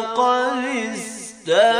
لقد استمتعت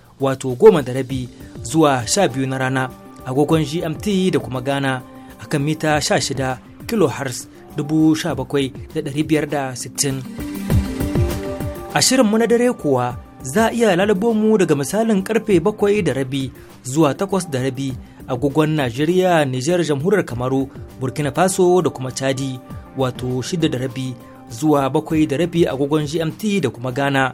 wato goma da rabi zuwa sha biyu na rana agogon gmt da kuma ghana a kan mita biyar kilohertz sittin. a shirinmu na dare kuwa za a iya lalabo mu daga misalin karfe bakwai da rabi zuwa takwas da rabi agogon najeriya nijar jamhuriyar kamaru burkina faso da kuma chadi wato shida da rabi zuwa bakwai da rabi agogon gmt da kuma ghana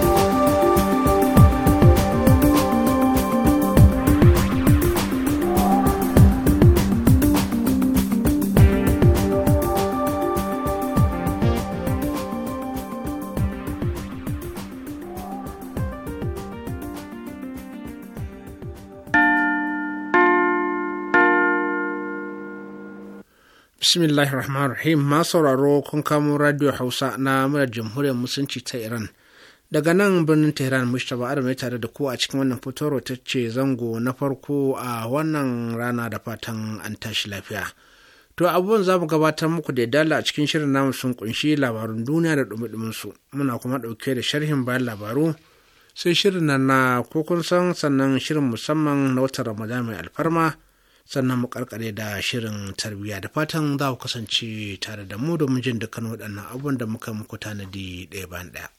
bismillahir rahmanir rahim ma sauraro kun kamo radio hausa na murar jamhuriyar musulunci ta iran daga nan birnin tehran mustapha adam ya tare da ku a cikin wannan fitowar ta ce zango na farko a wannan rana da fatan an tashi lafiya to abubuwan za mu gabatar muku da dala a cikin shirin namu sun kunshi labarun duniya da dumudumin su muna kuma dauke da sharhin bayan labaru sai shirin nan na ko san sannan shirin musamman na watan ramadan mai alfarma sannan mu karkare da shirin tarbiyya da fatan za ku kasance tare da mu domin jin dukkan waɗannan abubuwan da muka muku tanadi ɗaya bayan ɗaya.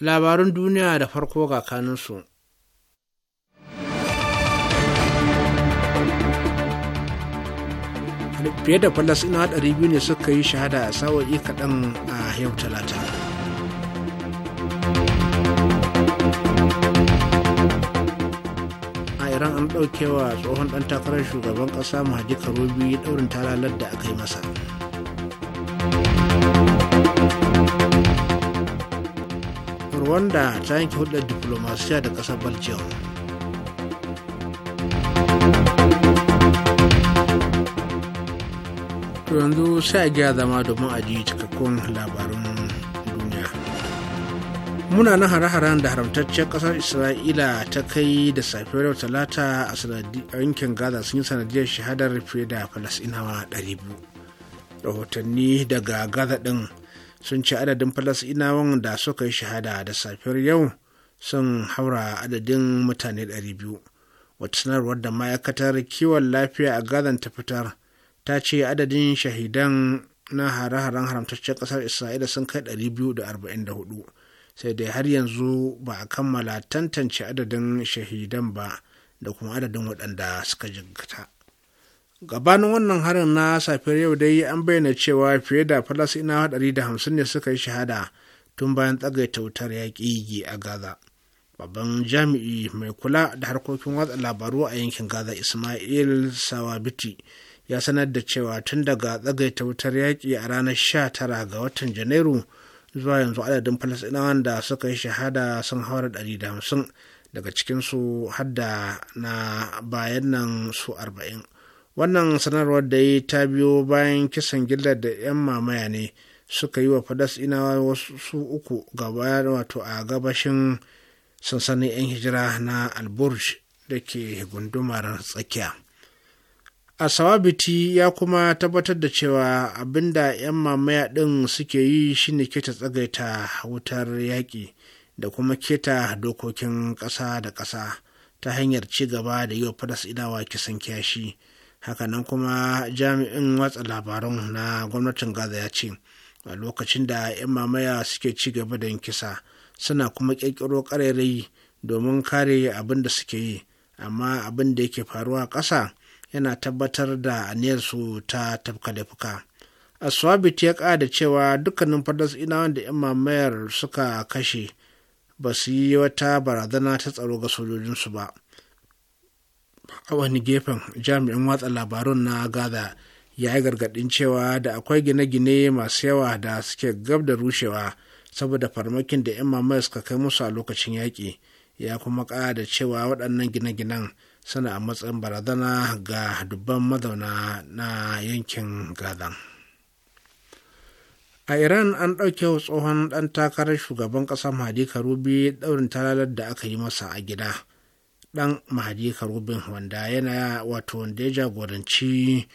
Labarun duniya da farko ga kanunsu. fiye da falasina biyu ne suka yi shahada a sawa'i kaɗan a yau talata a iran an ɗaukewa tsohon ɗan takarar shugaban ƙasa mahaji karobi ɗaurin talalar da aka yi masa rwanda ta yanke hudar diplomasiya da ƙasar belgium to yanzu sai a zama domin a ji cikakkun labarun duniya munanan hare-haren da haramtacciyar ƙasar isra'ila ta kai da safiyar talata a yankin gaza sun yi sanadiyar shahadar fiye da falasinawa 200 rahotanni daga gaza ɗin sun ci adadin falasɗinawan da suka yi shahada da safiyar yau sun haura adadin mutane 200 wata sanarwar da ma'aikatar kiwon lafiya a gazan ta fitar ta ce adadin shahidan na hare-haren haramtaccen ƙasar isra'ila sun kai 244 sai dai har yanzu ba a kammala tantance adadin shahidan ba da kuma adadin waɗanda suka jinkata gabanin wannan harin na safiyar yau dai an bayyana cewa fiye da da hamsin ne suka yi shahada tun bayan tsagaita wutar yaƙi a gaza babban jami'i mai kula da harkokin watsa labaru a yankin gaza ismail sawabiti ya sanar da cewa tun daga tsagaita wutar yaƙi a ranar 19 ga watan janairu zuwa yanzu adadin falasɗinawan da suka yi shahada sun hawar 150 daga cikinsu hadda na bayan nan su 40 wannan sanarwar da yi ta biyo bayan kisan gillar da 'yan mamaya ne suka yi wa falasɗinawa wasu uku ga bayan wato a gabashin sansanin 'yan hijira na alburj da ke gundumar tsakiya asawabiti ya kuma tabbatar da cewa abin da 'yan mamaya ɗin suke yi shine keta tsagaita wutar yaƙi da kuma keta dokokin ƙasa da ƙasa ta hanyar ci gaba da yi wa idawa kisan kyashi hakanan kuma jami'in watsa labarun na gwamnatin gaza ya ce a lokacin da 'yan mamaya suke ci gaba da yin kisa suna kuma ƙirƙiro ƙarairayi domin kare abin da suke yi amma abin da yake faruwa ƙasa yana tabbatar da aniyarsu ta tafka A aswabit ya ƙada cewa dukkanin ina da 'yan mamayar suka kashe ba su yi wata barazana ta tsaro ga sojojinsu ba a wani gefen jami'in watsa labarun na gaza ya yi gargaɗin cewa da akwai gine-gine masu yawa da suke gab da rushewa saboda farmakin da 'yan mamayar suka kai musu a lokacin yaƙi ya kuma ƙada cewa waɗannan gine-ginen suna a matsayin barazana ga dubban mazauna na yankin gaza a iran an ɗauke tsohon ɗan takarar shugaban ƙasa mahadi karubi ɗaurin talalar da aka yi masa a gida ɗan mahadi karubin wanda yana wato wanda ya jagoranci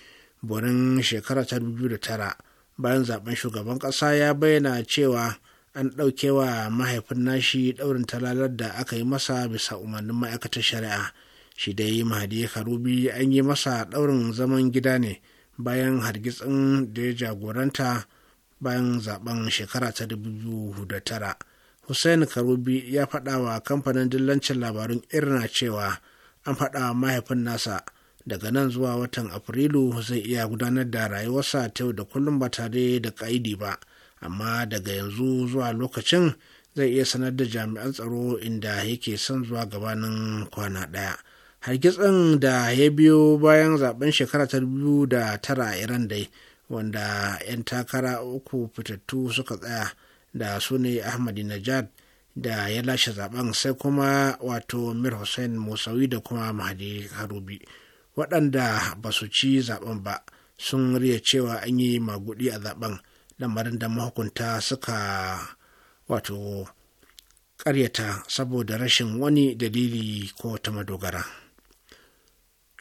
borin shekara ta tara. bayan zaben shugaban ƙasa ya bayyana cewa an ɗauke wa mahaifin nashi ɗaurin talalar da aka yi masa bisa umarnin ma'aikatar shari'a shi dai mahadi karubi an yi masa ɗaurin zaman gida ne bayan hargitsin da ya jagoranta bayan zaben shekara ta tara. hussein karubi ya faɗa wa kamfanin dillancin labarun irna cewa an faɗa mahaifin nasa daga nan zuwa watan afrilu zai iya gudanar da rayuwarsa ta yau da kullum ba tare da ka'idi ba amma daga yanzu zuwa lokacin zai iya sanar da jami'an tsaro inda yake son zuwa gabanin kwana ɗaya hargitsin da ya biyo bayan zaben shekara ta biyu da tara a iran dai wanda 'yan takara uku fitattu suka tsaya da su ne ahmadinejad da ya lashe zaben sai kuma wato mir hussein musawi da kuma mahadi harubi waɗanda ba su ci zaben ba sun riya cewa an yi magudi a zaben lamarin da mahukunta suka wato ƙaryata saboda rashin wani dalili ko ta madogara.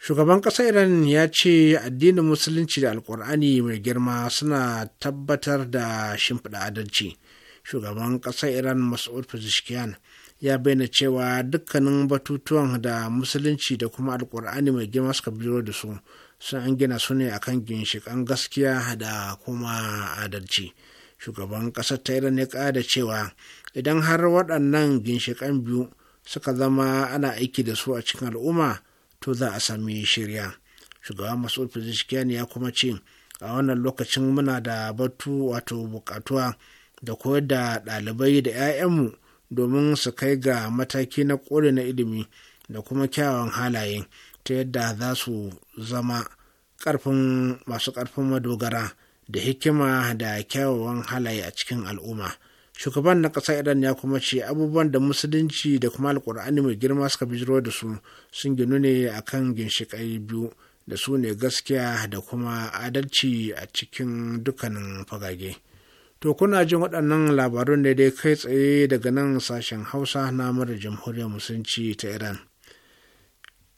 shugaban ƙasa iran ya ce addinin musulunci da alkur'ani mai girma suna tabbatar da shimfiɗa adalci shugaban ƙasa iran mas'ud pezeshkian ya bayyana cewa dukkanin batutuwan da musulunci da kuma alkur'ani mai girma suka biro da su sun an gina su ne akan ginshiƙan gaskiya da kuma adalci shugaban ƙasar ta iran ya ƙada cewa idan har waɗannan ginshiƙan biyu suka zama ana aiki da su a cikin al'umma to za a sami shirya shugaban masu pezeshkian ya kuma ce a wannan lokacin muna da batu wato bukatuwa da koyar da ɗalibai da 'ya'yanmu domin su kai ga mataki na kore na ilimi da kuma kyawawan halaye ta yadda za su zama ƙarfin masu ƙarfin madogara da hikima da kyawawan halaye a cikin al'umma shugaban na ƙasar iran ya kuma ce abubuwan da musulunci da kuma alkur'ani mai girma suka bijiro da su sun ginu ne a kan ginshiƙai biyu da su ne gaskiya da kuma adalci a cikin dukkanin fagage to kuna jin waɗannan labarun ne dai kai tsaye daga nan sashen hausa na mara jamhuriyar musulunci ta iran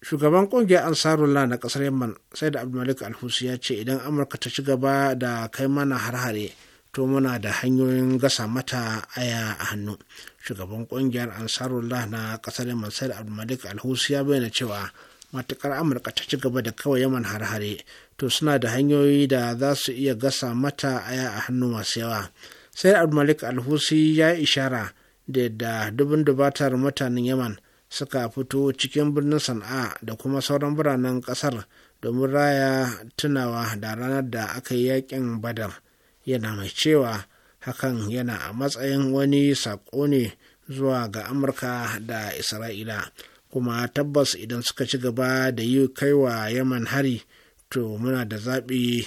shugaban ƙungiyar ansarullah na ƙasar yamman sai da abdulmalik alhusi ya ce idan amurka ta ci gaba da kai mana har-hare to muna da hanyoyin gasa mata aya a hannu shugaban kungiyar ansarullah na kasar yaman said abdulmalik alhusi ya bayyana cewa matukar amurka ta ci gaba da kawai yaman harhare, to suna da hanyoyi da za su iya gasa mata aya a hannu masu yawa sai abdulmalik alhusi ya ishara da yadda dubin dubatar mutanen yaman suka fito cikin birnin sana'a da kuma sauran biranen kasar domin raya tunawa da ranar da aka yi yakin badar yana mai cewa hakan yana a matsayin wani saƙo ne zuwa ga amurka da isra'ila kuma tabbas idan suka ci gaba da yi kaiwa yaman hari to muna da zaɓi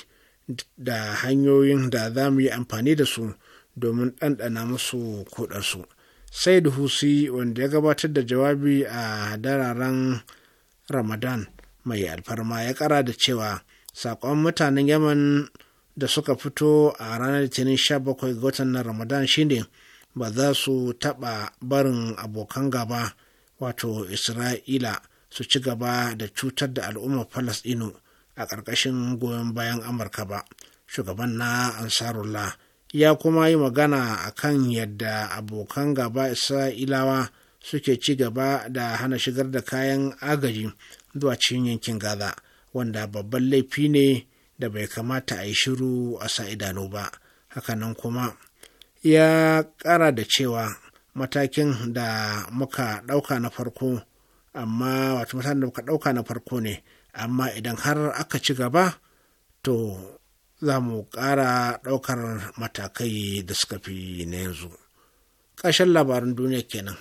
da hanyoyin da za mu yi amfani da su domin ɗanɗana musu kuɗarsu sai da husi wanda ya gabatar da jawabi a dararen ramadan mai alfarma ya ƙara da cewa saƙon mutanen yaman da suka fito a ranar litinin 17 ga watan na ramadan shine ba za su taɓa barin abokan gaba wato isra'ila su ci gaba da cutar da al'ummar falasɗinu a ƙarƙashin goyon bayan amurka ba shugaban na ansarullah ya kuma yi magana a kan yadda abokan gaba isra'ilawa suke ci gaba da hana shigar da kayan agaji zuwa cikin yankin gaza wanda babban laifi ne da bai kamata a yi shiru a sa idanu ba hakanan kuma ya ƙara da cewa matakin da muka ɗauka na farko amma wato matakin da muka ɗauka na farko ne amma idan har aka ci gaba to za mu ƙara ɗaukar matakai da suka fi na yanzu ƙarshen labarin duniya kenan.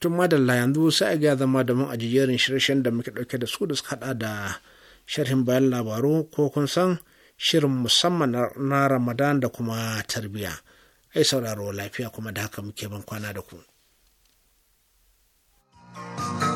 tun madalla yanzu sai ga zama da mun ajiyerin shirye shirshen da muke ɗauke da su da suka haɗa da sharhin bayan labaru ko kun san shirin musamman na ramadan da kuma tarbiyya ai sauraro lafiya kuma da haka muke ban kwana da ku. thank you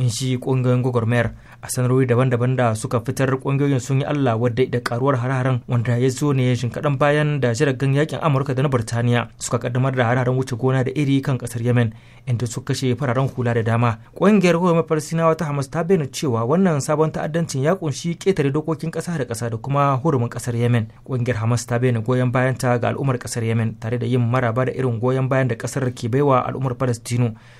in shi kungiyoyin gwagwarmayar a sanarwar daban-daban da suka fitar kungiyoyin sun yi Allah wadda da karuwar hararen wanda ya zo ne kadan bayan da jiragen yakin Amurka da na Burtaniya suka kaddamar da hararen wuce gona da iri kan kasar Yemen inda suka kashe fararen hula da dama ƙungiyar hukumar Falasinawa ta Hamas ta bayyana cewa wannan sabon ta'addancin ya ƙunshi ketare dokokin kasa da kasa da kuma hurumin kasar Yemen ƙungiyar Hamas ta bayyana goyon bayanta ga al'ummar kasar Yemen tare da yin maraba da irin goyon bayan da kasar ke baiwa al'ummar Falastinu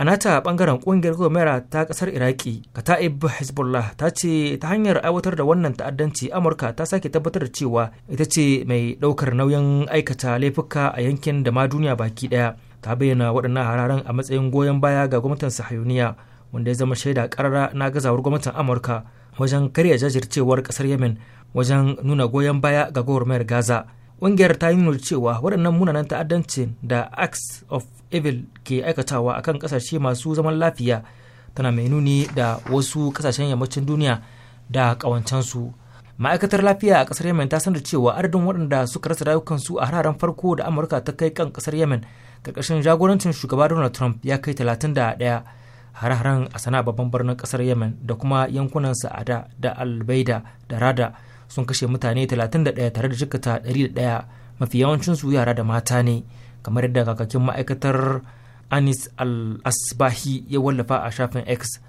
a nata bangaren kungiyar gomera ta kasar iraki kata'ib hezbollah ta ce ta hanyar aiwatar da wannan ta'addanci amurka ta sake tabbatar da cewa ita ce mai daukar nauyin aikata laifuka a yankin da ma duniya baki daya ta bayyana waɗannan hararen a matsayin goyon baya ga gwamnatin sahuniya wanda ya zama shaida karara na gazawar gwamnatin amurka wajen karya jajircewar kasar yemen wajen nuna goyon baya ga gwamnatin gaza ƙungiyar ta yi nuna cewa waɗannan munanan ta'addancin da acts of evil ke aikatawa akan kasashe masu zaman lafiya tana mai nuni da wasu kasashen yammacin duniya da kawancansu ma'aikatar lafiya a kasar yemen ta sanar cewa adadin waɗanda suka rasa rayukansu a hararen farko da amurka ta kai kan kasar yemen ƙarƙashin jagorancin shugaba donald trump ya kai 31 hare-haren a sana babban birnin kasar yemen da kuma yankunan sa'ada da albaida da rada sun kashe mutane 31 tare da jikata ɗaya mafi yawancinsu yara da mata ne kamar yadda kakakin ma'aikatar anis al-asbahi ya wallafa a shafin x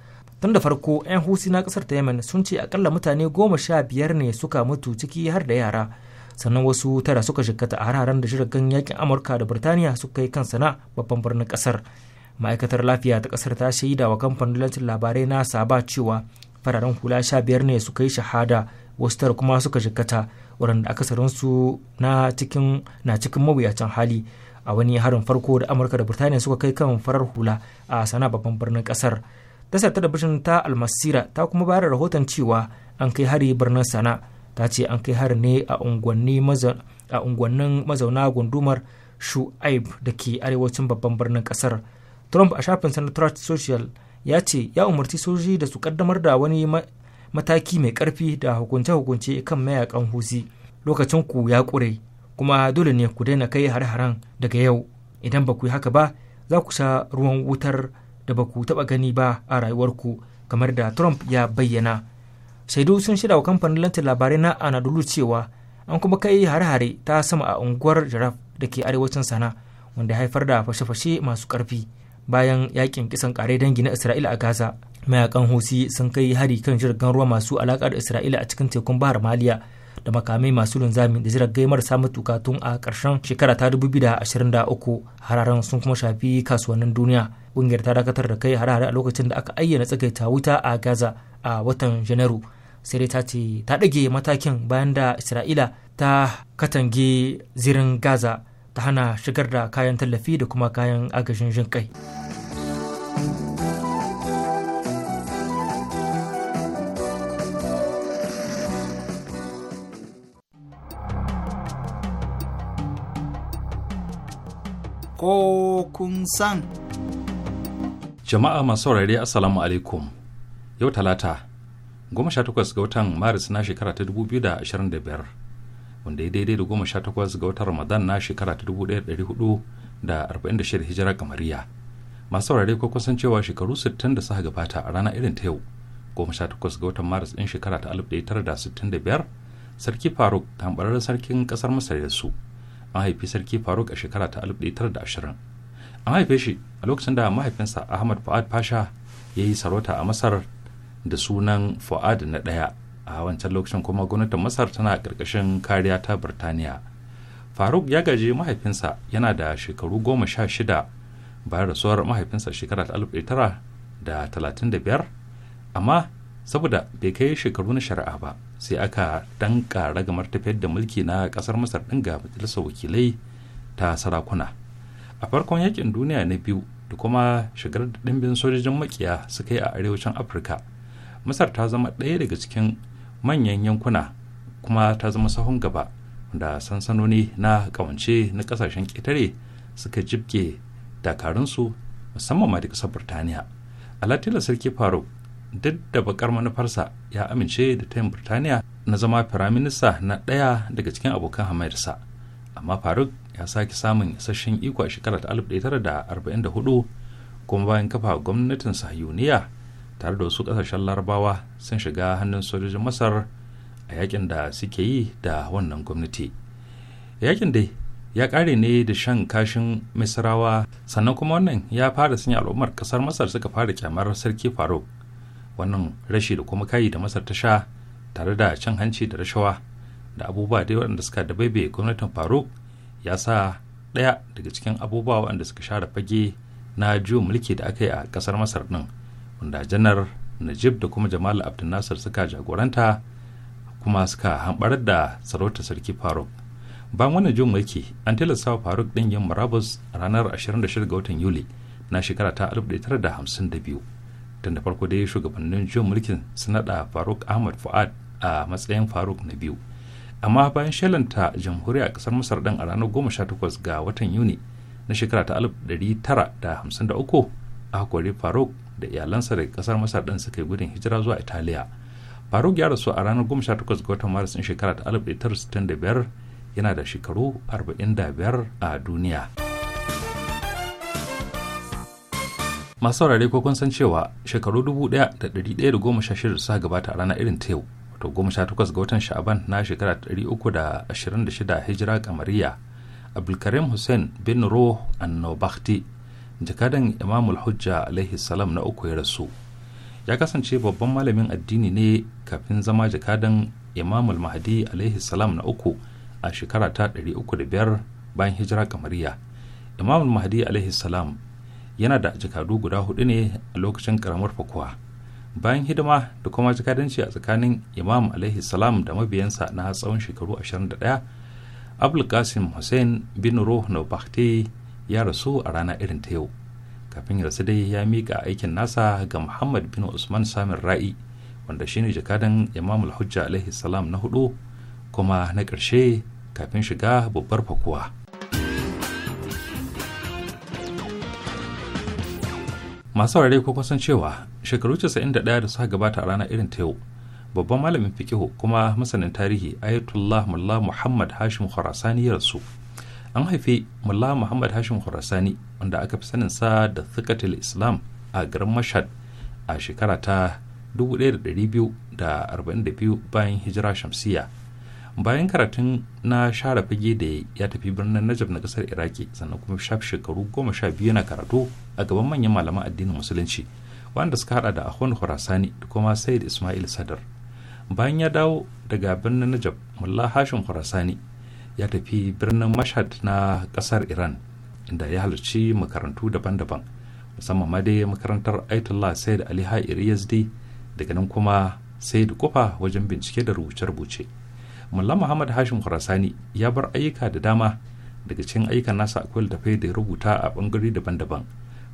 tun da farko 'yan husi na kasar ta yemen sun ce akalla mutane goma sha biyar ne suka mutu ciki har da yara sannan wasu tara suka jikkata a hararen da shirgan yakin amurka da birtaniya suka yi kan sana babban birnin kasar ma'aikatar lafiya ta kasar ta shaida wa kamfanin lancin labarai na saba cewa fararen hula sha biyar ne suka yi shahada wasu tara kuma suka jikkata waɗanda akasarinsu na cikin mawuyacin hali a wani harin farko da amurka da burtaniya suka kai kan farar hula a sana babban birnin kasar tasar ta ta almasira ta kuma bayar rahoton cewa an kai hari birnin sana ta ce an kai hari ne a unguwannin mazauna gundumar shu'aib da ke arewacin babban birnin kasar trump a shafin sanatar social ya ce ya umarci soji da su kaddamar da wani mataki mai karfi da hukunce-hukunce kan mayakan huzi lokacin ku ya kure. kuma dole ne ku daina kai hare haren daga yau idan ba ku yi haka ba za ku sha ruwan wutar da ba ku taɓa gani ba a rayuwarku kamar da trump ya bayyana shaidu sun shida wa kamfanin lantin labarai na anadolu cewa an kuma kai hare-hare ta sama a unguwar jaraf da ke arewacin sana wanda haifar da fashe-fashe masu ƙarfi bayan yakin kisan kare dangi na isra'ila a gaza mayakan husi sun kai hari kan jirgin ruwa masu alaƙa da isra'ila a cikin tekun bahar maliya da makamai masu linzami da jiragai marasa matuka tun a ƙarshen shekara ta 2023 hararen sun kuma shafi kasuwannin duniya ƙungiyar ta dakatar da kai harare a lokacin da aka ayyana tsagaita wuta a gaza a watan janairu sai dai ta ce ta ɗage matakin bayan da isra'ila ta katange zirin gaza ta hana shigar da kayan tallafi da kuma kayan agajin jin kai. ko kun san. Jama'a masu saurare Assalamu alaikum. Yau Talata, goma sha takwas ga watan Maris na shekara ta dubu biyu da ashirin da biyar, wanda ya daidai da goma sha takwas ga watan Ramadan na shekara ta dubu ɗaya ɗari hudu da arba'in da shida hijira kamariya. Masu saurari ko kusan cewa shekaru sittin da suka gabata a rana irin ta yau, goma sha takwas ga watan Maris ɗin shekara ta alif ɗaya tara da sittin da biyar, Sarki Faruk tambararren sarkin ƙasar Masar da su. an haifi sarki faruk a shekara ta 1920 an haife shi a lokacin da mahaifinsa ahmad fuad pasha ya yi sarauta a masar da sunan fuad na ɗaya a wancan lokacin kuma gwamnatin masar tana ƙarƙashin kariya ta birtaniya faruk ya gaji mahaifinsa yana da shekaru goma sha shida bayan rasuwar mahaifinsa shekara ta biyar amma saboda bai kai shekaru na shari'a ba sai aka dan kara gamar tafiyar da mulki na kasar masar din ga majalisar wakilai ta sarakuna a farkon yakin duniya na biyu da kuma shigar da dimbin sojojin makiya suka yi a arewacin afirka masar ta zama ɗaya daga cikin manyan yankuna kuma ta zama sahun gaba da sansanoni na kawance na kasashen ƙetare suka jibge dakarunsu musamman ma da ƙasar burtaniya alatila sarki faruk duk da bakar manufarsa ya amince da tayin burtaniya na zama firaminista na ɗaya daga cikin abokan hamayarsa amma faruk ya sake samun isasshen iko a shekarar 1944 kuma bayan kafa gwamnatin sahiyuniya tare da wasu ƙasashen larabawa sun shiga hannun sojojin masar a yakin da suke yi da wannan gwamnati yakin dai ya ƙare ne da shan kashin misrawa sannan kuma wannan ya fara sanya al'ummar ƙasar masar suka fara kyamar sarki faruk wannan rashi da kuma kayi da masar ta sha tare da cin hanci da rashawa da abubuwa dai waɗanda suka da baibaye gwamnatin faruk ya sa ɗaya daga cikin abubuwa waɗanda suka share fage na juyin mulki da aka yi a ƙasar masar ɗin wanda janar najib da kuma jamal abdul suka jagoranta kuma suka hambarar da sarautar sarki faruk bayan wannan juyin mulki an tilasta wa faruk ɗin yin marabus ranar 26 ga watan yuli na shekara ta 1952 tun da farko dai shugabannin juyin mulkin sun naɗa faruk ahmad fuad a matsayin faruk na biyu amma bayan shelanta jamhuriya kasar masar ɗin a ranar 18 ga watan yuni na shekara ta 1953 a kori faruk da iyalansa daga kasar masar ɗin suka yi gudun hijira zuwa italiya faruk ya rasu a ranar 18 ga watan maris ɗin shekara ta 1965 yana da shekaru 45 a duniya. masu saurare ko kun san cewa shekaru 1116 suka gabata a ranar irin ta yau wato 18 ga watan sha'aban na shekara 326 hijira kamariya abdulkarim hussein bin ro annobakti jakadan imamul hujja alaihi salam na uku ya rasu ya kasance babban malamin addini ne kafin zama jakadan imamul mahdi alaihi salam na uku a shekara ta biyar bayan hijira kamariya imamul mahdi alaihi salam yana da jakadu guda hudu ne a lokacin karamar fakuwa bayan hidima da kuma jakadanci a tsakanin imam alaihi salam da mabiyansa na tsawon shekaru 21 abul qasim hussein bin ruh na ya rasu a rana irin ta yau kafin ya rasu dai ya miƙa aikin nasa ga muhammad bin usman samin ra'i wanda shine jakadan imam alhujja alaihi salam na hudu kuma na ƙarshe kafin shiga babbar fakuwa. masu ware ko kusan cewa shekaru 91 da suka gabata a ranar irin ta yau babban malamin fikihu kuma masanin tarihi ayatullah mullah muhammad hashim khurasani ya rasu an haifi mullah muhammad hashim khurasani wanda aka fi sanin sa da thiqatul islam a garin mashhad a shekara ta 1242 bayan hijira shamsiyya bayan karatun na share fage da ya tafi birnin najab na kasar iraki sannan kuma shafi shekaru goma sha biyu na karatu a gaban manyan malaman addinin musulunci wanda suka hada da ahun horasani da kuma said ismail sadar bayan ya dawo daga birnin najab mullah hashim horasani ya tafi birnin mashhad na kasar iran inda ya halarci makarantu daban-daban musamman ma dai makarantar aitullah said ali ha'ir yazdi daga nan kuma said kufa wajen bincike da rubuce-rubuce Mullah Muhammad Hashim Khurasani ya bar ayyuka da dama daga cikin ayyukan nasa akwai littafai da ya rubuta a bangare daban-daban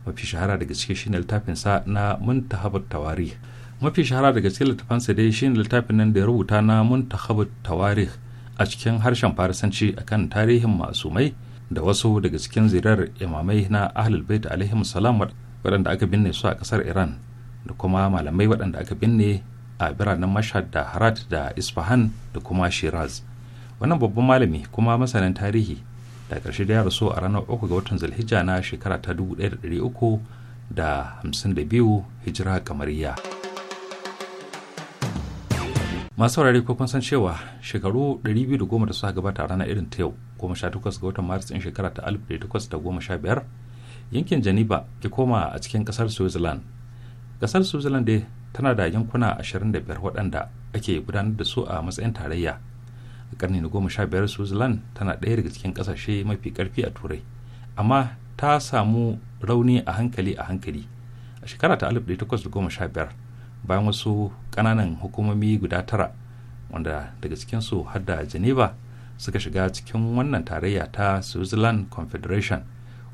mafi shahara daga cikin shine littafinsa na Muntahabat Tawarih mafi shahara daga cikin littafansa dai shine littafin nan da ya rubuta na Muntahabat Tawarih a cikin harshen Farisanci akan tarihin masumai da wasu daga cikin zirar imamai na Ahlul Bait alaihim salam waɗanda aka binne su a ƙasar Iran da kuma malamai waɗanda aka binne a biranen mashhad da harat da isfahan da kuma shiraz wannan babban malami kuma masanin tarihi da ƙarshe da ya rasu a ranar 3 ga watan zulhijja na shekara ta 1352 hijira kamariya masu wurare ko kun san cewa shekaru 210 da suka gabata a ranar irin ta yau goma sha ga watan maris ɗin shekara ta 1815 yankin janiba ke koma a cikin ƙasar switzerland kasar switzerland dai tana da yankuna 25 waɗanda ake gudanar da su a matsayin tarayya a ƙarni na goma sha biyar switzerland tana ɗaya daga cikin ƙasashe mafi ƙarfi a turai amma ta samu rauni a hankali a hankali a shekara ta 1815 bayan wasu ƙananan hukumomi guda tara wanda daga cikinsu har da geneva suka shiga cikin wannan tarayya ta switzerland confederation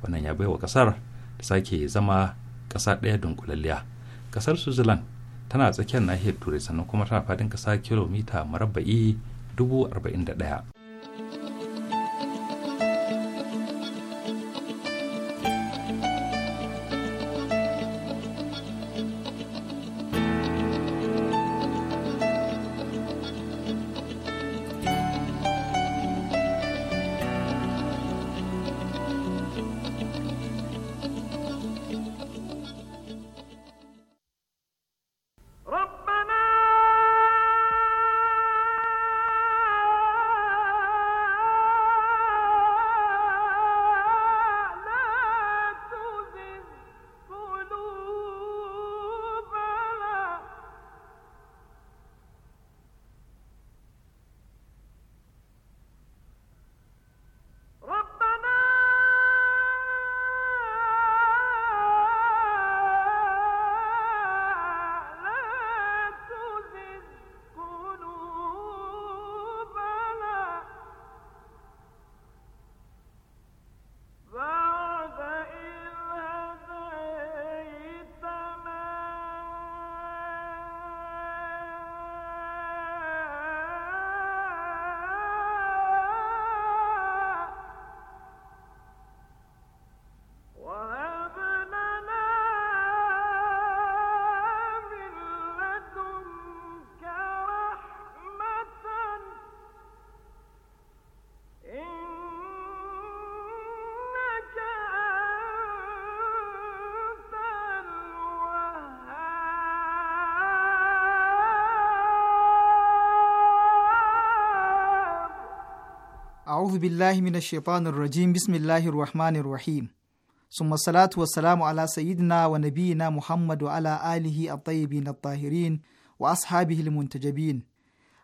wannan ya baiwa ƙasar da sake zama ƙasa ɗaya dunkulalliya kasar switzerland tana tsakiyar nahiyar turai sannan kuma tana fadin ƙasa kilomita marabba'i 41 a'udhu billahi minash shaitanir rajim bismillahir rahmanir rahim summa salatu wassalamu ala sayyidina wa nabiyyina muhammad wa ala alihi at-tayyibin at wa ashabihi al-muntajabin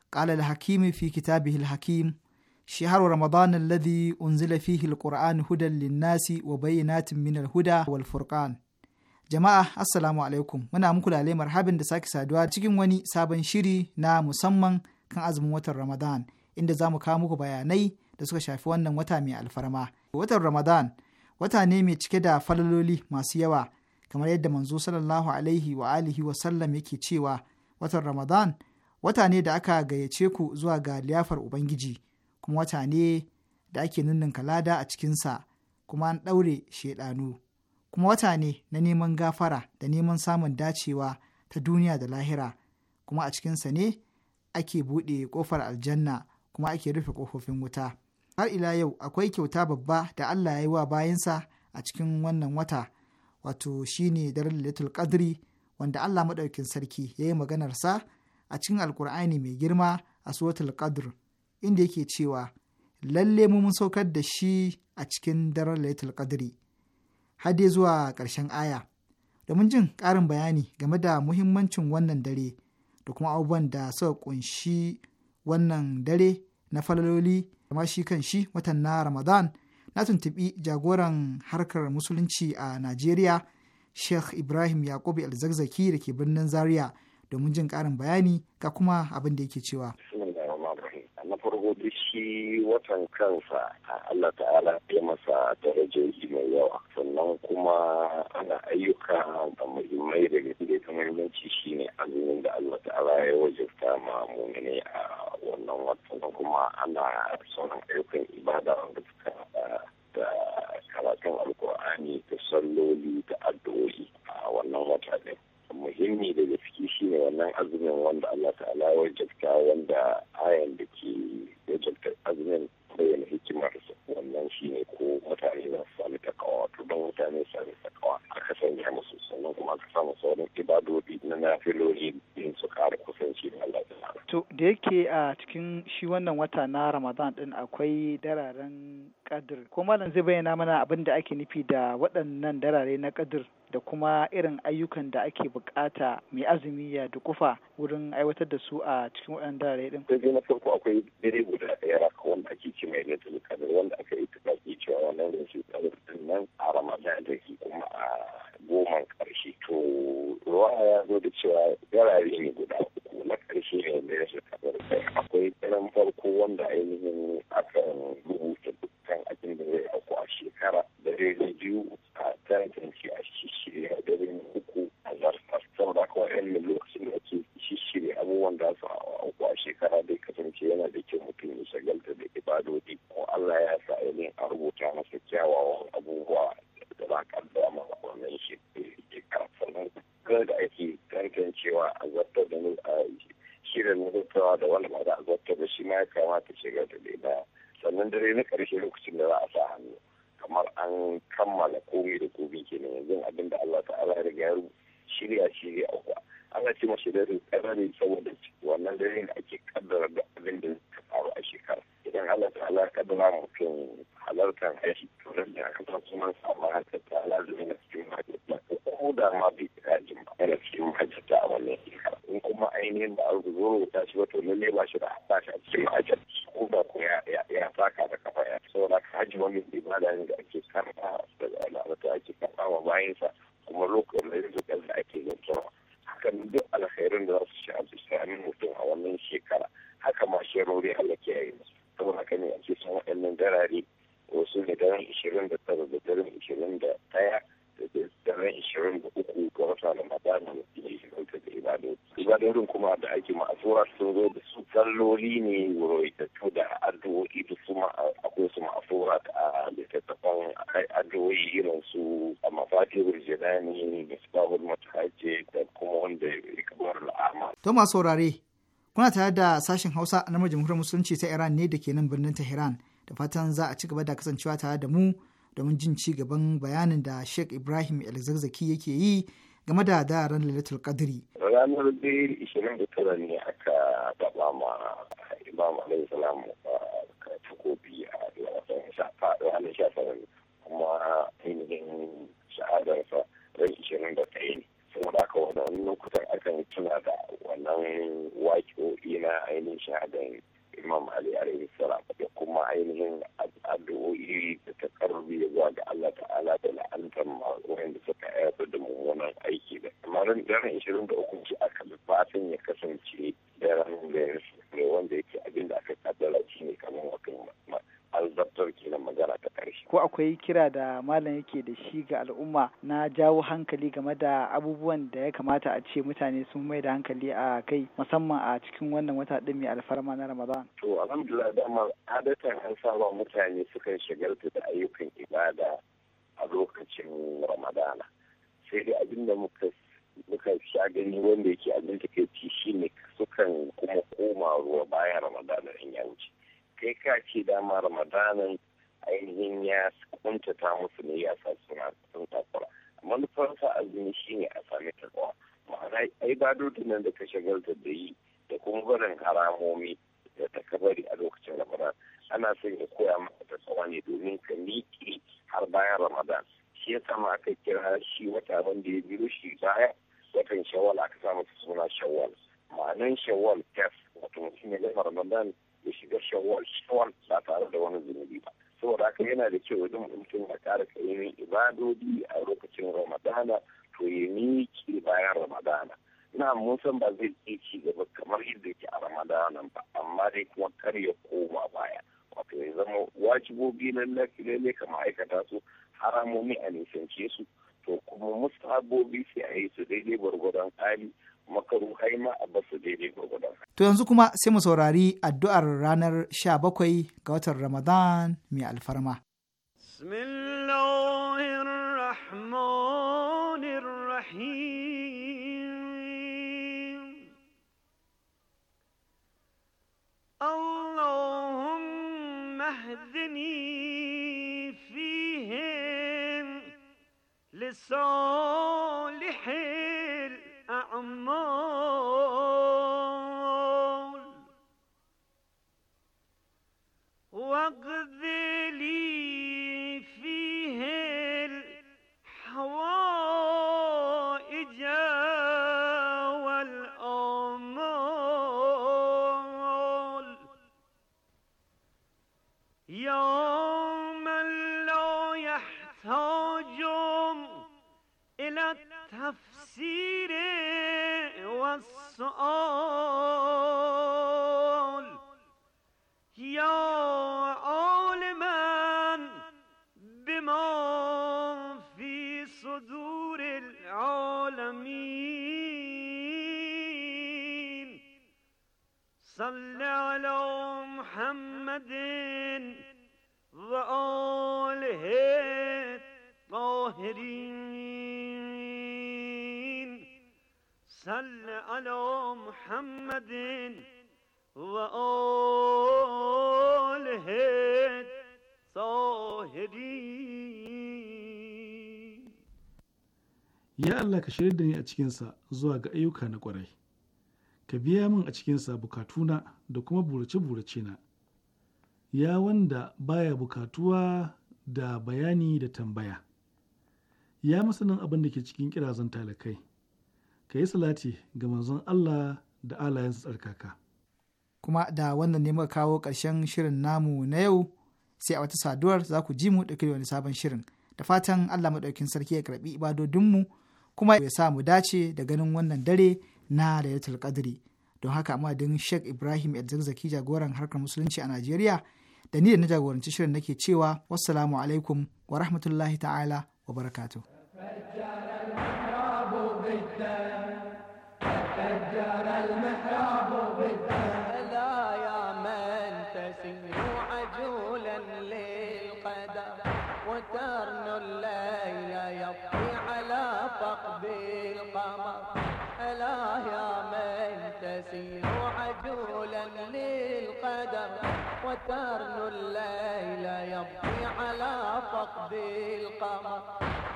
qala Hakimi fi kitabihi al-hakim شهر رمضان الذي أنزل فيه Hudan, Linnasi, للناس وبينات من Huda, والفرقان Jama'a Assalamu alaikum muna muku da marhabin da sake saduwa cikin wani sabon shiri na musamman kan azumin watan Ramadan inda za mu kawo muku bayanai da suka shafi wannan wata mai alfarma. Watan Ramadan wata ne mai cike da falaloli masu yawa kamar yadda manzo sallallahu alaihi wa alihi wa sallam yake cewa watan Ramadan wata ne da aka gayyace ku zuwa ga liyafar Ubangiji kuma wata ne da ake ninninka kalada a cikinsa kuma an ɗaure shaidanu kuma wata ne na neman gafara da neman samun dacewa ta duniya da lahira kuma a cikinsa ne ake buɗe ƙofar aljanna kuma ake rufe ƙofofin wuta. har ila yau akwai kyauta babba da Allah ya yi wa bayansa a cikin wannan wata wato shine daren lailatul qadri wanda Allah Maɗaukin sarki ya yi maganarsa a cikin alkur'ani mai girma a suratul qadr inda yake cewa lalle mu mun saukar da shi a cikin daren lailatul qadri har zuwa ƙarshen aya domin jin ƙarin bayani game da muhimmancin wannan dare da kuma abubuwan da suka kunshi wannan dare na falaloli kamar shi kan shi watan na Ramadan na tuntubi jagoran harkar musulunci a Najeriya Sheikh Ibrahim Yakubu Alzakzaki da ke birnin Zaria domin jin karin bayani ga kuma abin da yake cewa. farko shi watan kansa A Allah ta'ala ya masa darajoji mai yawa sannan kuma ana ayyuka da muhimmai da gaske ta muhimmanci shine azumin da Allah ta'ala ya wajibta ma mumine a wannan watan kuma ana sauran ayyukan ibada wanda suka da karatun alkur'ani da salloli da addu'o'i a wannan wata ne muhimmi daga ciki shine wannan azumin wanda Allah ta'ala ya wajibta wanda da yake a cikin shi wannan wata na Ramadan din akwai dararen kadir ko malam zai bayyana mana abin da ake nufi da waɗannan darare na kadir da kuma irin ayyukan da ake bukata mai azumi ya dukufa wurin aiwatar da su a cikin waɗannan darare din. Sai na farko akwai dare guda raka wanda ake ce mai laitul kadir wanda aka yi tufaki cewa wannan rashin kadir din nan a Ramadan da kuma a goman karshe to ruwa ya zo da cewa garare ne guda uku na ƙarshe ne da ya shi akwai ɗaran farko wanda ainihin akan rubuta duk kan abin da zai auku a shekara da zai biyu a tantance a shirya a dabin uku a zartar saboda kawai waɗannan lokacin da ake shirya abubuwan da su auku a shekara da kasance yana da kyau mutum ya shagalta da ibadodi ko Allah ya sa ainihin a rubuta masa kyawawan abubuwa da ba kaddara ma wannan shekara sannan da ake tantancewa a zartar da shirin mutuwa da wani ba da a zartar da shi ma ya kamata shiga da da sannan dare na ƙarshe lokacin da za a sa hannu kamar an kammala komai da komai kenan yanzu abin da Allah ta'ala ya riga ya shirya shirya akwa ana ce mashi dare karami saboda wannan dare ne ake kaddara da abin da ya faru a shekara idan Allah ta ala kaddara mutum halartar aiki to da aka kasa kuma samu haka ta ala zai na cikin hajjata ko da ma bai kajin ba yana cikin hajjata a wannan shekara in kuma ainihin ba a zo ta shi ba to lalle ba shi da ba shi a cikin hajjata ko da ko ya saka da kafa ya ka hajji wani ibada ne da ake karɓa daga al'adata ake karɓa wa bayansa kuma lokacin da ake zantarwa masu saurare, kuna tare da sashen Hausa na Jamhuriyar Musulunci ta Iran ne da ke nan birnin Tehran, da fatan za a ci gaba da kasancewa tare da mu domin jin ci gaban bayanin da Sheikh Ibrahim el yake yi game da daren lalatul kadiri. Ranar yi kira da malam yake da shi ga al'umma na jawo hankali game da abubuwan da ya kamata a ce mutane sun mai da hankali a kai musamman a cikin wannan wata ɗin mai alfarma na Ramadan. To alhamdulillah dama adatan an saba mutane sukan shagalta da ayyukan ibada a lokacin Ramadana. Sai dai abin da muka muka sha gani wanda yake abin shi ne sukan kuma koma ruwa bayan Ramadana in ya wuce. kai ka ce dama ramadanan ainihin ya kuntata musu ne ya sa suna sun takura manufarsa azumi shine a sami takwa ma'ana ai ibadodin nan da ka shagalta da yi da kuma barin haramomi da takabari a lokacin ramadan ana son ya koya maka ta tsawa ne domin ka miƙe har bayan ramadan shi ya sama aka kira shi wata abin da ya biyo shi baya watan shawal aka sa masa suna shawwal ma'anan shawwal tef wato mutum ya gama ramadan ya shiga shawwal shawal ba tare da wani zunubi ba saboda haka yana da kyau idan mutum ya ƙara kayan ibadodi a lokacin ramadana to ya miƙe bayan ramadana na mun san ba zai iya ci gaba kamar yadda yake a ramadana ba amma dai kuma kar ya koma baya wato ya zama wajibobi lallafi lalle ka ma'aikata su haramomi a nisance su to kuma musabobi sai a yi su daidai gwargwadon hali makaruhai ma a basu daidai gwagwadon. To yanzu kuma sai mu saurari addu'ar ranar sha bakwai ga watan Ramadan mai alfarma. اللهم اهدني فيهم لصالحين الأعمال واقض لي فيه الحوائج والآمال يا من لا يحتاج إلى التفسير والسؤال يا عالما بما في صدور العالمين صل على محمد وآله الطاهرين صل على محمد وآله الطاهرين ya Allah ka shirya da ni a cikinsa zuwa ga ayyuka na ƙwarai, ka biya min a cikinsa bukatuna da kuma burace-burace na, ya wanda baya bukatuwa da bayani da tambaya, ya masanin abin da ke cikin kirazan talakai, ka yi salati ga manzon Allah da alayensa tsarkaka. Kuma da wannan ne muka kawo ƙarshen shirin namu na yau sai a wata saduwar za ku ji mu ɗauki da wani sabon shirin. Da fatan Allah maɗaukin sarki ya karɓi ibadodinmu kuma ya sa mu dace da ganin wannan dare na Lailatul Qadri. Don haka amma din Sheikh Ibrahim Elzakzaki jagoran harkar musulunci a Najeriya da ni da na jagoranci shirin nake cewa wassalamu alaikum wa rahmatullahi ta'ala wa barakatuh. البدر وترن الليل يبقي على فقد القمر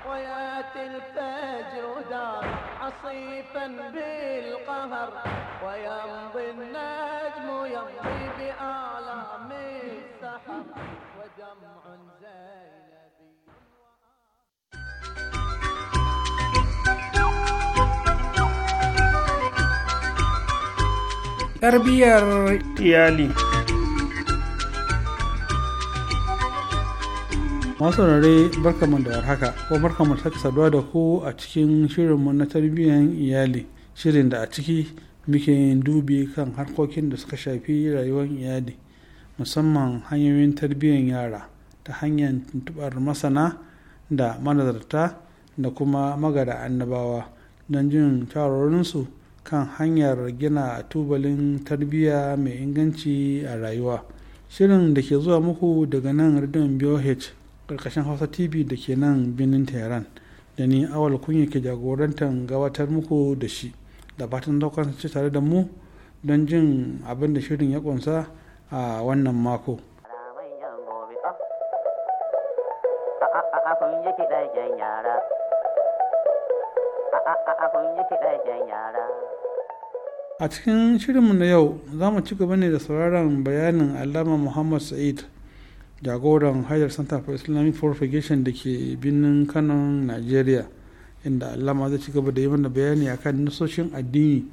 وياتي الفجر دار عصيفا بالقهر ويمضي النجم يمضي بآلام السحر ودمع زينبي tarbiyar iyali masu saurare barkamu da warhaka ko barkamu ta saduwa da ku a cikin shirinmu na tarbiyyar iyali shirin da a ciki muke dubi kan harkokin da suka shafi rayuwar iyali musamman hanyoyin tarbiyyar yara ta hanyar tuntubar masana da manazarta da kuma magada annabawa don jin shawarorinsu kan hanyar gina tubalin tarbiyya mai inganci a rayuwa shirin da ke zuwa muku daga nan rediyon BOH ƙarƙashin hausa tv da ke nan birnin tehran da ni awal kunya ke jagorantar gabatar muku da shi da fatan daukan ci tare da mu don jin abin da shirin ya kunsa a wannan mako a cikin shirinmu na yau za mu ci gaba ne da sauraron bayanin alama muhammad sa'id jagoran hajar center for islamic propagation da ke birnin kanon nigeria inda allama zai ci gaba da yi mana bayani akan nasoshin addini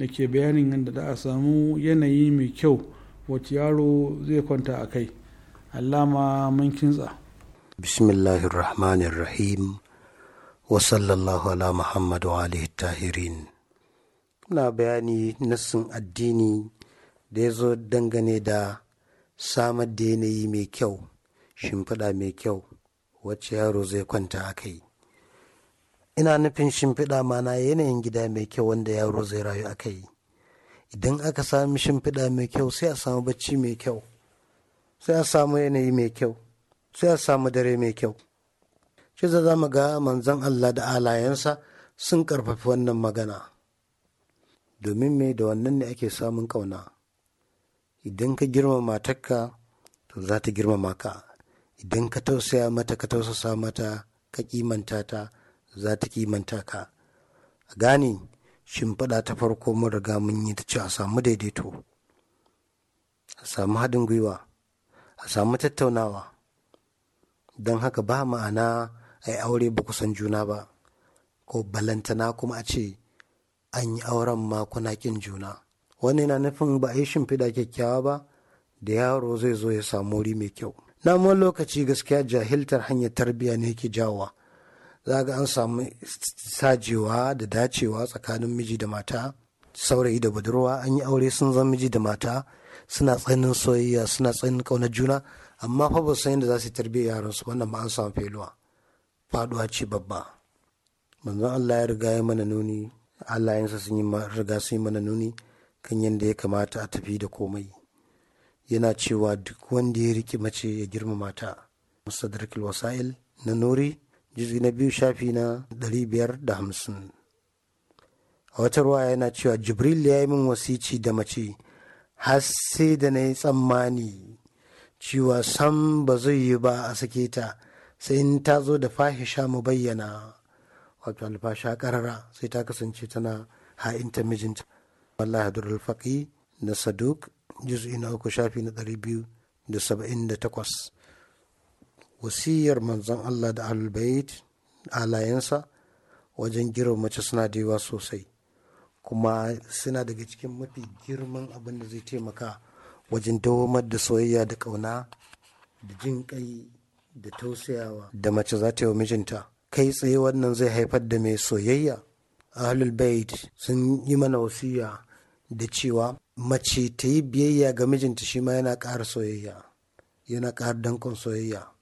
da ke bayanin yadda za a samu yanayi mai kyau wacce yaro zai kwanta a kai allama mun kintsa bismillahir rahim wa sallallahu ala muhammad wa alihi tahirin na bayani nasin addini da ya zo dangane da samar da yanayi mai kyau shimfiɗa mai kyau wacce yaro zai kwanta a kai ina nufin shimfiɗa mana yanayin gida mai kyau wanda yaro zai rayu a kai idan aka sami shimfiɗa mai kyau sai a samu bacci mai kyau sai a samu yanayi mai kyau sai a samu dare mai kyau shi za mu ga manzan Allah da alayensa sun ƙarfafi wannan magana domin me da wannan ne ake samun ƙauna idan ka girmama matarka to za ta girmama ka idan ka tausaya mata ka tausasa mata ka kimanta ta za ta kimanta ka a gane shimfiɗa ta farko mun riga mun yi ta ce a samu daidaito a samu haɗin gwiwa a samu tattaunawa don haka ba ma'ana a yi aure ba kusan juna ba ko balantana kuma a ce an yi auren ma kuna kin juna wani na nufin ba a yi shimfiɗa kyakkyawa ba da yaro zai zo ya samu wuri mai kyau na lokaci gaskiya jahiltar hanyar tarbiyya ne yake jawowa za ga an samu sajewa da dacewa tsakanin miji da mata saurayi da budurwa an yi aure sun zama miji da mata suna tsanin soyayya suna tsanin kaunar juna amma fa ba san yadda za su tarbiyya yaransu wannan ba an samu feluwa faduwa ce babba manzon Allah ya riga ya mana nuni Allah sun yi riga sun yi mana nuni kan yadda ya kamata a tafi da komai yana cewa duk wanda ya riƙe mace ya girmama ta musadarkil wasa'il na nuri jizi na biyu shafi na 550 a wata ruwa yana cewa jibril ya yi min wasici da mace har sai da na yi tsammani cewa sam ba zai yi ba a sake ta sai in ta zo da fahisha mu bayyana wato alfasha karara sai ta kasance tana ha'inta mijinta wallahi durul faqi na saduk juz'i na uku shafi na ɗari biyu da saba'in da takwas wasiyar manzon allah da albayit alayensa wajen girma mace suna da yawa sosai kuma suna daga cikin mafi girman abin da zai taimaka wajen dawomar da soyayya da ƙauna da jin kai da tausayawa da mace za ta yi wa mijinta kai tsaye wannan zai haifar da mai soyayya ahlul bait sun yi mana wasiya da cewa mace ta yi biyayya ga mijinta shi ma yana ƙara soyayya yana ƙara dankon soyayya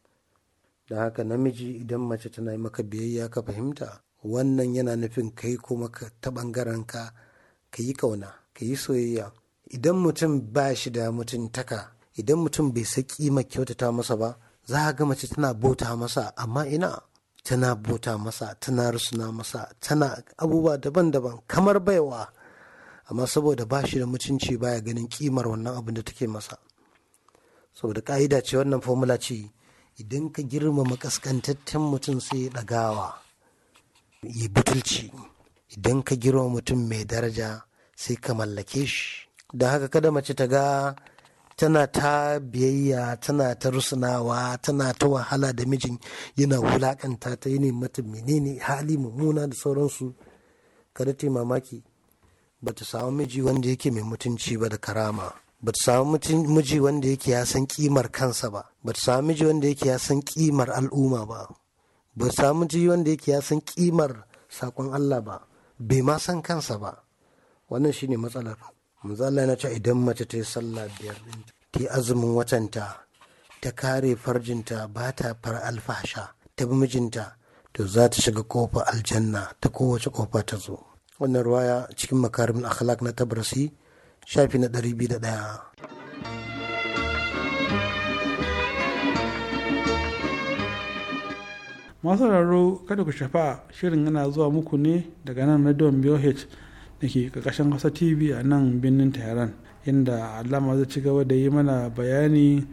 da haka namiji idan mace tana yi maka biyayya ka fahimta wannan yana nufin kai kuma ta ɓangaren ka ka yi ƙauna ka yi soyayya idan mutum ba shi da mutuntaka idan mutum bai saki ma kyautata masa ba za a ga mace tana bota masa amma ina tana bota masa tana rusuna masa tana abubuwa daban-daban kamar baiwa amma saboda ba shi da mutunci baya ganin kimar wannan abin da take masa saboda ka'ida ce wannan formula ce idan ka girmama kaskantaccen mutum sai ya ɗagawa ya butulci idan ka girmama mutum mai daraja sai ka mallake shi da haka kada mace ta ga tana ta biyayya tana ta rusunawa tana ta wahala da mijin yana wulakanta ta yi ne mata menene hali mummuna da sauransu kada ta mamaki ba ta samu miji wanda yake mai mutunci ba da karama ba ta samu miji wanda yake ya san kimar kansa ba ba ta samu miji wanda yake ya san kimar al'umma ba ba ta samu miji wanda yake ya san kimar sakon Allah ba bai ma san kansa ba wannan shine matsalar manzo na yana idan mace ta yi sallah biyar ta yi azumin watanta ta kare farjinta ba ta far alfasha ta bi mijinta to za ta shiga kofar aljanna ta kowace kofa ta zo wannan ruwaya cikin makarimin akhlaq na tabrasi shafi na 201 masu raro kada ku shafa shirin yana zuwa muku ne daga nan don boh da ke kakashin hausa tv a nan birnin tehran inda alama zai ci gaba da yi mana bayani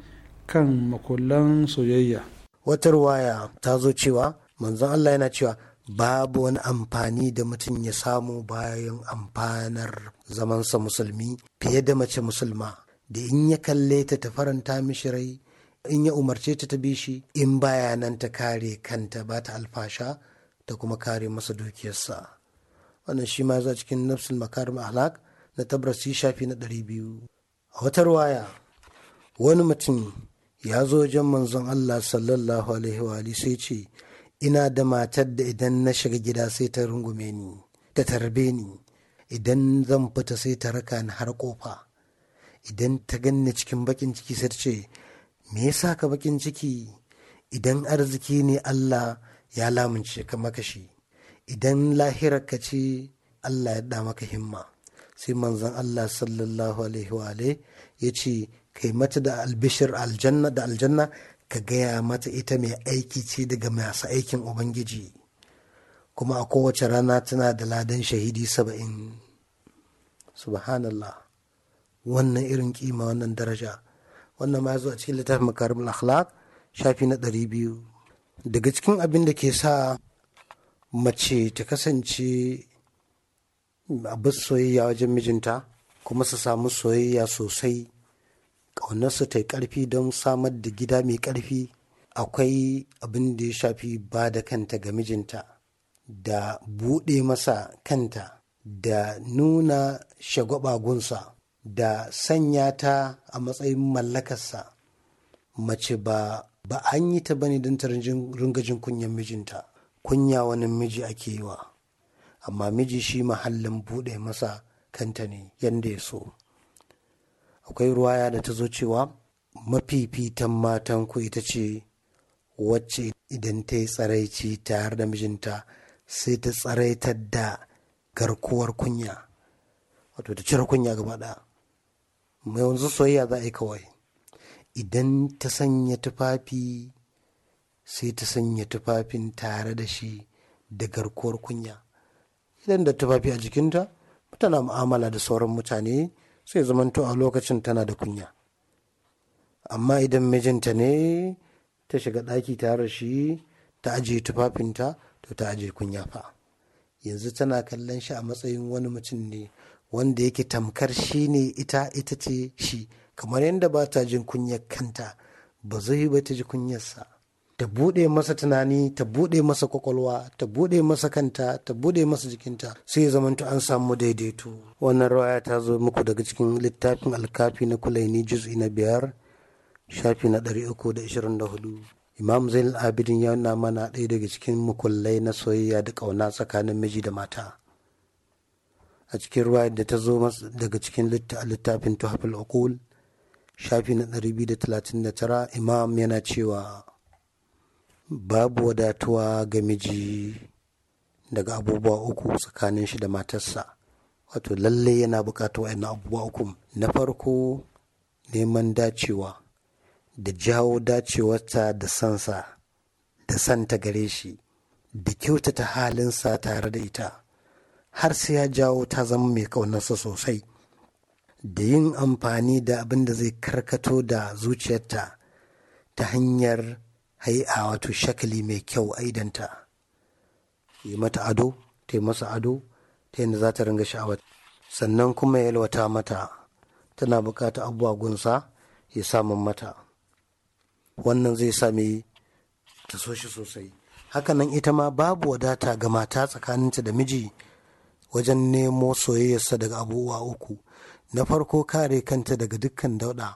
kan makullan soyayya wata ruwaya ta zo cewa manzon allah yana cewa babu wani amfani da mutum ya samu bayan amfanar zamansa musulmi fiye da mace musulma da in ya kalle ta ta faranta mishi rai in ya umarce ta ta bi shi in baya nan ta kare kanta ba ta alfasha ta kuma kare masa dukiyarsa wannan shi ma za cikin nafsul makarim ahlak na tabrasi shafi na ɗari biyu a wata ruwaya wani mutum ya zo wajen manzon Allah sallallahu alaihi wa sai ce ina da matar da idan na shiga gida sai ta rungume ni ta tarbe ni idan zan fita sai ta raka ni har kofa idan ta ganni cikin bakin ciki sai ta ce me yasa ka bakin ciki idan arziki ne Allah ya lamunce ka makashi idan lahirar ka ce Allah ya da maka himma sai manzon Allah sallallahu alaihi wa ya ce kai mata da albishir aljanna da aljanna ka gaya mata ita mai aiki ce daga masu aikin ubangiji kuma a kowace rana tana da ladan shahidi saba'in subhanallah wannan irin kima wannan daraja wannan ma zuwa cikin littafin makarimul akhlaq shafi na ɗari biyu daga cikin abin da ke sa mace ta kasance abin soyayya wajen mijinta kuma su samu soyayya sosai ƙaunarsu ta yi ƙarfi don samar da gida mai ƙarfi akwai abin da ya shafi ba da kanta ga mijinta da buɗe masa kanta da nuna shagwabagunsa da sanya ta a matsayin mallakarsa mace ba ba an yi ta bane don ta rungajin kunyan mijinta kunya wani miji ake yi wa amma miji shi mahallin buɗe masa kanta ne yadda ya so akwai ruwaya da ta zo cewa mafifitan matan ku ita ce wacce idan ta yi tsaraici tare da mijinta sai ta tsaraitar da garkuwar kunya wato ta cire kunya gaba ɗaya mai wanzu soyayya za a yi kawai idan ta sanya tufafi sai ta sanya tufafin tare da shi da garkuwar kunya idan da tufafi a jikinta tana mu'amala da sauran mutane sai zamanto a lokacin tana da kunya amma idan mijinta ne ta shiga ɗaki tare shi ta ajiye tufafinta to ta ajiye kunya fa yanzu tana kallon shi a matsayin wani mutum ne wanda yake tamkar shi ne ita ita ce shi kamar yadda ba ta jin kunyar kanta ba zai ba ta ji kunyarsa ta buɗe masa tunani ta buɗe masa kwakwalwa ta buɗe masa kanta ta buɗe masa jikinta sai zamanto an samu daidaito wannan rawaya ta zo muku daga cikin littafin alkafi na kulaini juz'i na biyar shafi na ɗari uku da ishirin da hudu imam zain abidin ya nuna mana ɗaya daga cikin mukullai na soyayya da ƙauna tsakanin miji da mata a cikin ruwa da ta zo daga cikin littafin tuhafil uqul shafi na 239 imam yana cewa babu wadatuwa ga miji daga abubuwa uku tsakanin shi da matarsa wato lallai yana bukatar wa'annan abubuwa uku na farko neman dacewa da jawo dacewarta da sansa da santa gare shi da kyautata halinsa tare da ita har sai ya jawo ta zama mai ƙaunarsa sosai da yin amfani da abin da zai karkato da zuciyarta ta hanyar a wato shakali mai kyau idanta yi mata ado ta yi masa ado ta yadda za ta ringa sha'awa sannan kuma ya yalwata mata tana bukata abubuwa gunsa ya samun mata wannan zai sami ta so shi sosai hakanan ita ma babu wadata ga mata tsakaninta da miji wajen nemo soyayyarsa daga abubuwa uku na farko kare kanta daga dukkan dauɗa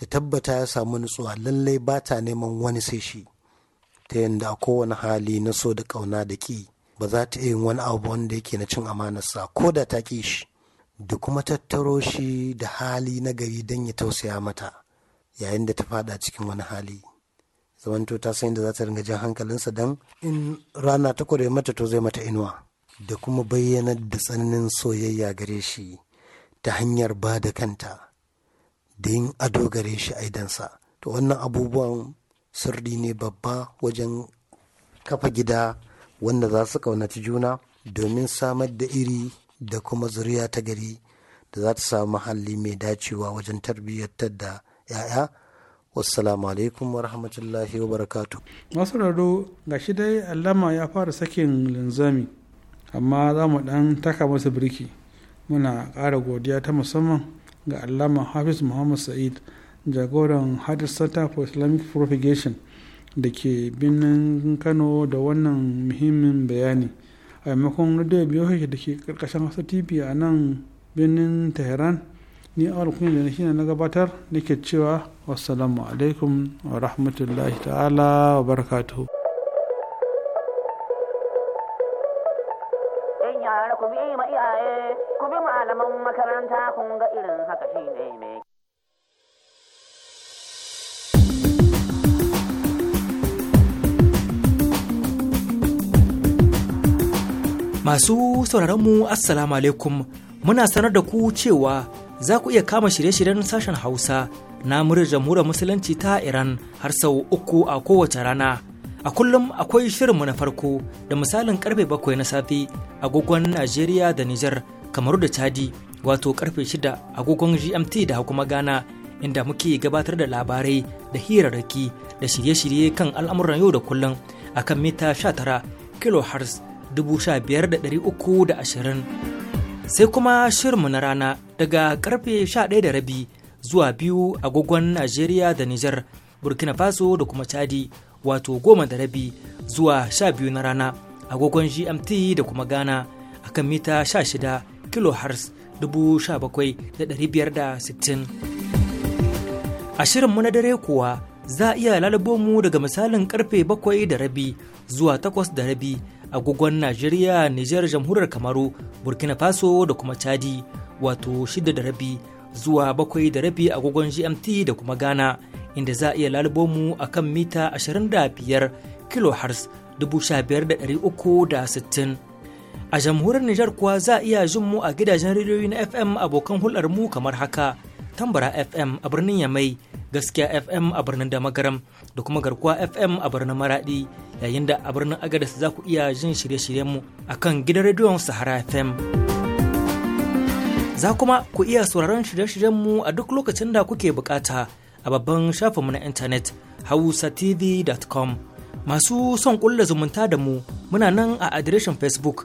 ta tabbata ya samu nutsuwa lallai ba ta neman wani sai shi ta yadda a kowane hali na so da ƙauna da ƙi ba za ta yin wani abu wanda yake na cin amanarsa ko da ta ƙi shi da kuma tattaro shi da hali na gari don ya tausaya mata yayin da ta fada cikin wani hali zamanto ta san da za ta ringa jan hankalinsa don in rana ta kware mata to zai mata inuwa da kuma bayyanar da tsananin soyayya gare shi ta hanyar ba da kanta da yin ado gare shi a aidansa to wannan abubuwan sirri ne babba wajen kafa gida wanda za su kaunaci juna domin samar da iri da kuma zuriya ta gari da za ta samu mahalli mai dacewa wajen tarbiyyar da 'ya'ya wassalamu alaikum wa rahmatullahi wa barakatu masu raro ga shi dai allama ya fara sakin linzami amma za mu dan taka masa birki muna ƙara godiya ta musamman ga allama hafiz muhammad sa'id jagoran hadis center for islamic propagation da ke birnin kano da wannan muhimmin bayani a maimakon radio biyu da ke karkashin hausa tv a nan birnin tehran ni a kunya da nake na gabatar nake cewa wassalamu alaikum wa rahmatullahi ta'ala wa barakatuhu ku ku bi malaman kun ga irin haka shi ne mai Masu sauraronmu Assalamu alaikum muna sanar da ku cewa za ku iya kama shirye-shiryen sashen Hausa na murar jamhuriyar Musulunci ta Iran har sau uku a kowace rana. A kullum akwai shirinmu na farko da misalin karfe bakwai na safe agogon Najeriya da Nijar kamaru da Chadi wato karfe shida agogon GMT da kuma Ghana inda muke gabatar da labarai da hirarraki da shirye-shirye kan al'amuran yau da kullum a kan mita 19 kilohertz 15,320 sai kuma shirinmu na rana daga karfe ɗaya da rabi zuwa biyu agogon Najeriya da Nijar Burkina Faso da kuma Chadi wato goma da rabi zuwa sha biyu na rana agogon GMT da kuma Ghana akan mita 16 kilohertz 17,560. A shirinmu na dare kuwa za a iya lalabo mu daga misalin karfe 7 da rabi zuwa 8 da rabi a gugon Najeriya, Nijar, Jamhuriyar Kamaru, Burkina Faso da kuma Chadi wato 6 da rabi zuwa 7 da rabi a gugon GMT da kuma Ghana inda za a iya lalabo mu a kan mita 25 kHz 15,360. A jamhuriyar Nijar kuwa za a iya jin mu a gidajen rediyoyi na FM abokan hulɗar mu kamar haka. Tambara FM a birnin Yamai, Gaskiya FM a birnin Damagaram da kuma Garkuwa FM a birnin Maradi yayin da a birnin Agadas za ku iya jin shirye-shiryen mu a kan gidan rediyon Sahara FM. Za kuma ku iya sauraron shirye-shiryen mu a duk lokacin da kuke bukata a babban shafinmu na intanet hausatv.com. Masu son kulla zumunta da mu muna nan a adireshin Facebook